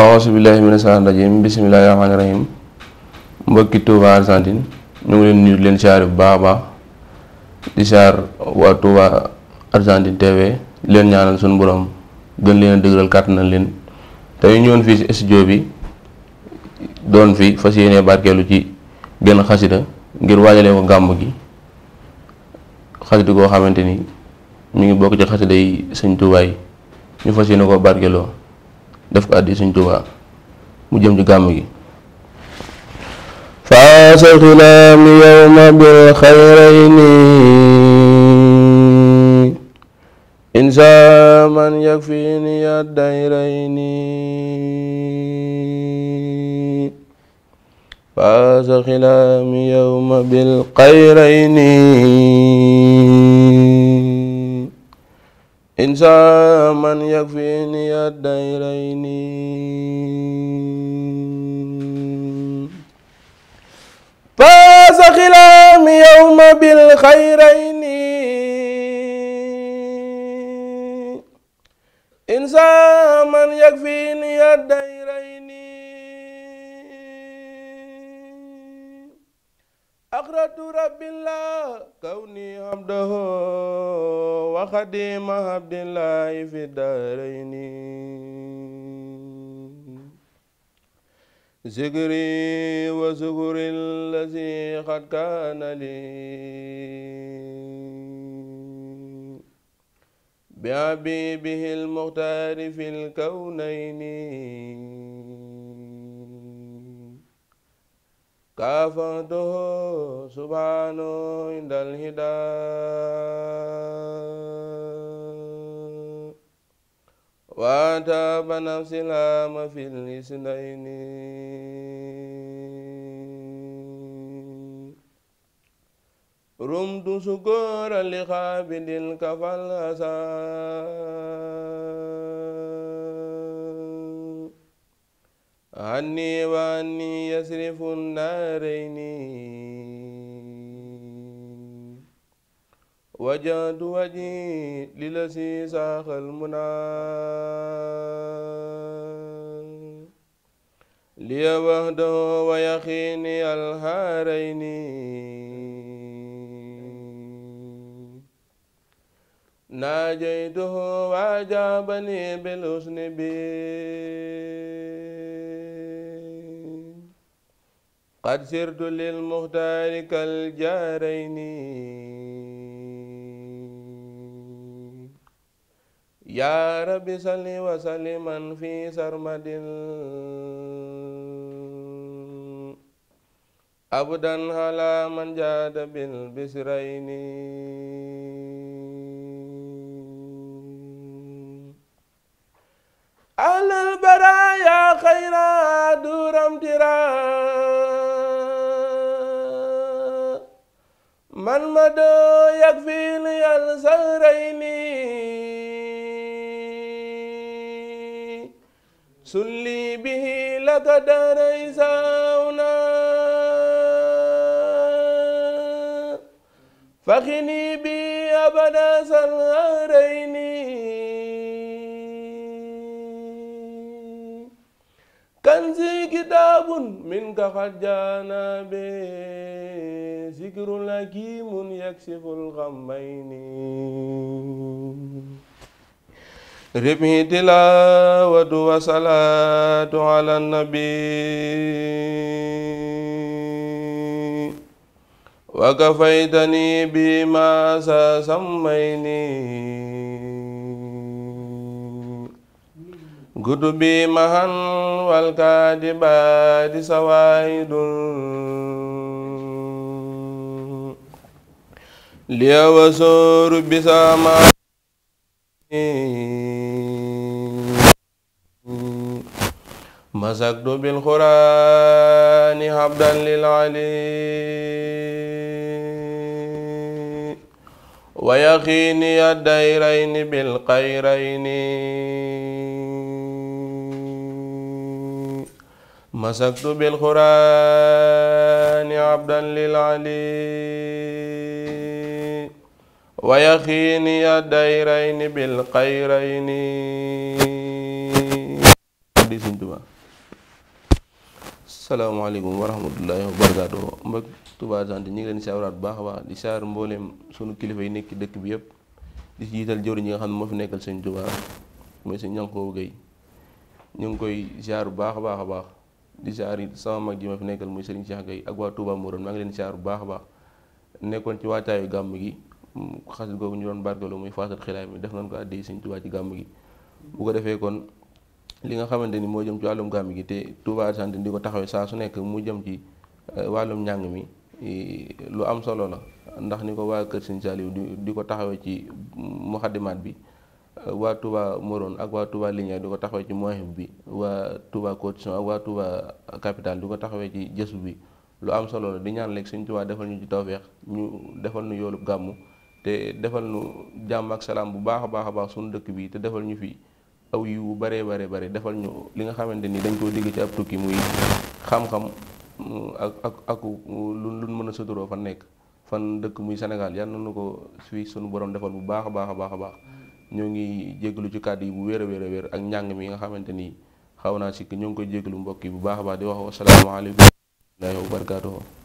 aouzu billahi mina shaytaani rajim bismillahi rahmaani rahim mbokki Touba Argentine ñu ngi leen nuyu leen siyaare bu baax a baax di siyaar waa Touba Argentine TV leen ñaanal suñu borom gën leen a dëgëral kàttanal leen tey ñëwoon fii si studio bi doon fii fas yéenee barkeelu ci genn xasida ngir waajalee ko gàmb gi xasida koo xamante ni mu ngi bokk ci xasida yi sëñ Touba yi ñu fas yéene koo barkeeloo def ko addi Sëñ mu jëm ci gàmmu gi faasal xilaam yowma bil xayrayni insaa man yakfini إن شاء من يكفيني الديرين فاز خلام يوم بالخيرين إن شاء من يكفيني الديرين أقرأت رب الله كوني عبده وخديم عبد الله في الدارين ذكري وذكر الذي قد كان لي بحبيبه المختار في الكونين كافرته سبحانه عند الهداء واتى بنفس الهام في الاثنين رمت سكور لخابد الكفى الأسى anni wa anni yasrifu naarayni wajadu waji lila si saaxal muna liya waxdahu wa yaxiini alhaarayni naajaytuhu wa jaabani bil husni bi قد سرت للمختار كالجارين يا رب صل وسلما في سرمد أبدا على من جاد بالبسرين على البرايا خيرا دورم ترى من مدى يكفي لي الزهرين سلي به لك دار إساؤنا فخني بي أبدا سلهرين kanzi kitaabun min ka xat jaana be zikrul hakiimun yaksiful xammayni ribhi tilaawatu wa salaatu ala nabi wa kafaytani bi ma sa sammayni gudu bi mahan والكاذبات سوائد لي وسور بسما مسكت بالقرآن حبدا للعلي ويقيني الديرين بالقيرين masaktu bil qur'ani abdan lil ali wa yakhini ad-dayrayni bil khayrayni di Sëriñ Tuubaa salaamaaleykum wa rahmatullahi wa barakaatuh mbokk Touba Argentine ñi ngi leen di saaraat bu baax a baax di saar mbooleem sunu kilifa yi nekk dëkk bi yëpp di si jiital jëwriñ ñi nga xam ne moo fi nekkal Sëriñ Tuubaa mooy Sëriñ Ñankoobu Gey ñu ngi koy saar bu baax a baax a baax di siyaar sama mag ji ma fi nekkal muy Serigne Cheikh Gueye ak waa Touba Morone maa ngi leen siyaar bu baax a baax nekkoon ci waajtaayu gàmm gi xasit googu ñu doon barkeloo muy faasal xilaay mi def nañ ko àddee Serigne Touba ci gàmm gi bu ko defee kon li nga xamante ni moo jëm ci wàllum gàmm gi te Touba Argentine di ko taxawee saa su nekk mu jëm ci eh, wàllum njàng mi eh, lu am solo la ndax ni ko waa Kër Serigne Saliou di di ko taxawee ci muxaddimaat bi Euh, waa Touba Morone ak waa Touba Lignane di ko taxawee ci Mawahib bi waa tubaa Caution ak waa Touba Capitale di ko taxawee ci jësu bi lu am solo la di ñaan léegi suñ Touba defal ñu ci tawfeex ñu defal ñu yoolub gàmmu te defal ñu jàmm ak salaam bu baax a baax a baax suñu dëkk bi te defal ñu fi aw yu bare bare bare defal ñu li nga xamante ni dañ koo digg ci ab tukki muy xam-xam mm, ak ak ak lu lu mën a suturoo fa nekk fan dëkk muy Sénégal yan na nu ko fii suñu borom defal bu baax a baax a baax a baax ñoo ngi jégalu ci kàddu yi bu wéer a wéer wéer ak njàng mi nga xamante ni xaw naa si ñoo ngi koy jégalu mbokk yi bu baax a baax di wax wasalaamaaleykum wa rahmatullaahi wa barakaatuh